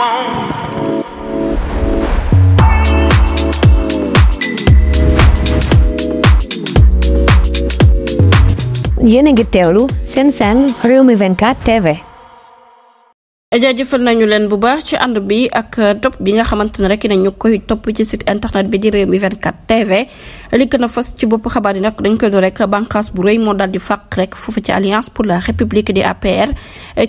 want. Jene sen sen, Rumi Venkat TV. jaajëfal nañu leen bu baax ci ànd bi ak topp bi nga xamante ne rek nañu koy topp ci site internet bi di réew mi 24 TV li gën a fas ci bopp xabaar yi nag dañ koy doo rek bànqaas bu rëy moo daal di fàq rek foofu ci alliance pour la république di APR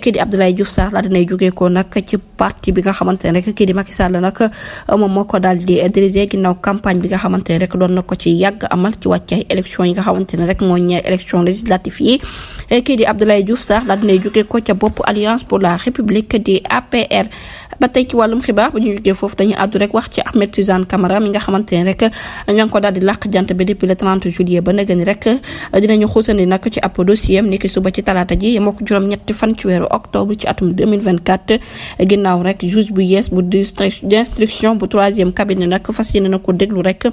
kii di Abdoulaye Diouf Sarr laa dinay jógee ko nag ci parti bi nga xamante ne rek kii di Macky Sall nag moom moo ko daal di dirigé ginnaaw campagne bi nga xamante ne rek doon na ko ci yàgg amal ci wàccaay élection yi nga xamante ne rek moo ñeer élection législative yi kii di Abdoulaye Diouf Sarr laa dinay jógee ko ca alliance pour la république ke DAPR ba tey ci wàllum xibaar bu ñu jógee foofu dañuy àddu rek wax ci Ahmed Suzanne Camara mi nga xamante ne rek ñoo ngi ko daal di làq jant bi depuis le 30 juillet ba nag ni rek dinañu xuusandi nag ci ab dossier am niki suba ci talaata ji moo ko juróom-ñetti fan ci weeru octobre ci atum 2024 ginnaaw rek juge bu yees bu d'instruction bu troisième cabinet nag fas yéene na ko déglu rek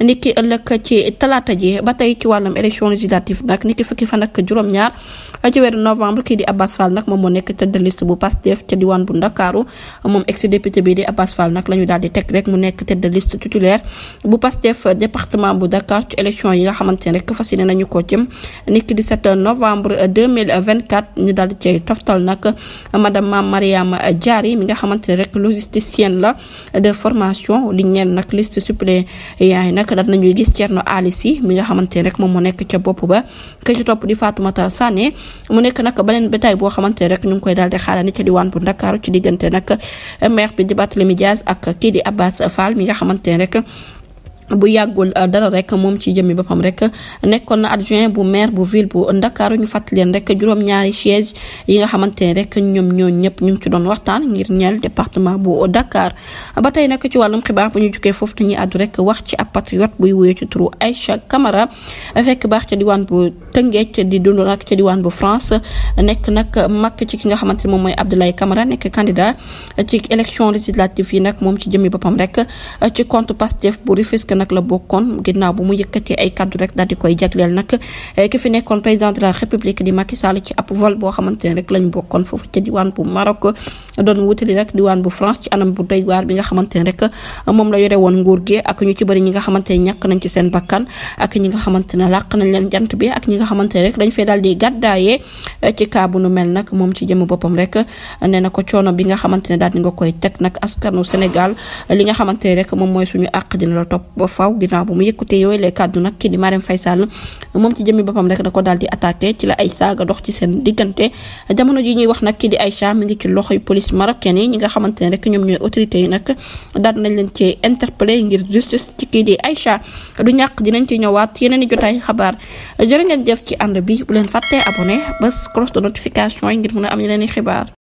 niki ëllëg ci talaata ji ba tey ci wàllum élection législative nag niki fukki fan ak juróom-ñaar ci weeru novembre kii di Abbas Fall nag moom moo nekk tête de liste bu Pastef ca diwaan bu Ndakaaru moom ex député bi di Abass Fall nag la ñu teg rek mu nekk tête de liste titulaire bu Pastef département bu Dakar ci élection yi nga xamante ne rek fas yéene nañu ko jëm niki 17 novembre 2024 ñu daal di cay toftal moom mu nekk ca bopp ba ka topp di Fatoumata Sané mu nekk nag beneen bétail boo xamante rek ñu koy daal di xaarandi ca diwaan bu Ndakaaru ci diggante nag maire bi di Barthélémy Dias ak kii di Abbas Fall mi nga xamante ne rek bu yàggul euh, dara rek moom ci jëmmi boppam rek nekkoon na adjoint bu maire bu ville bu ndakaaru ñu fàttali leen rek juróom-ñaari chaise yi nga xamante ne rek ñoom ñoo ñëpp ñu ngi ci doon waxtaan ngir ñeel département bu Dakar ba tey nag ci wàllum xibaar bu ñu jugee foofu dañuy àddu rek wax ci ab patriote buy wuyoo ci turu Aïcha Camara fekk baax ca diwaan bu Tëngéej di dund nag ca diwaan bu France nekk nag mag ci ki nga xamante ne moom mooy Abdoulaye kamara nekk candidat ci élection législative yi nag moom ci jëmmi boppam rek rek nag la bokkoon ginnaaw bu mu yëkkatee ay kaddu rek daal di koy jagleel nag eh, ki fi nekkoon paysan de la république di Macky Sall ci ab vol boo xamante ne rek lañ bokkoon foofu ca diwaan bu Maroc doon wutali rek diwaan bu France ci anam bu doy waar bi nga xamante ne rek moom la yore woon nguur gi ak ñu ci bëri ñi nga xamante ne ñàkk nañ ci seen bakkan ak ñi nga xamante ne làq nañ leen jant bi ak ñi nga xamante ne rek dañ fee daal di gàddaayee eh, ci kaa bu nu mel nag moom ci jëm boppam rek nee na ko coono bi nga xamante ne daal di nga koy teg nag askanu Sénégal li nga xamante ne rek moom mooy suñu àq dina la topp ba faw ginnaaw bu mu yëkkatee yooyu lay kàddu nag kii di Marème Faye Sall moom ci jëmmi boppam rek da ko daal di attaqué ci la ay saaga dox ci seen diggante jamono ji ñuy wax nag kii di Aïcha mi ngi ci yi police marocaine yi ñi nga xamante ne rek ñoom ñooy autorité yi nag daal nañ leen ci interpellé ngir justice ci kii di Aïcha du ñàkk dinañ ci ñëwaat yeneen i jotaay xabaar jërë ngeen jëf ci ànd bi bu leen fàttee abonné bés cloche de notification yi ngir mën am yeneen i xibaar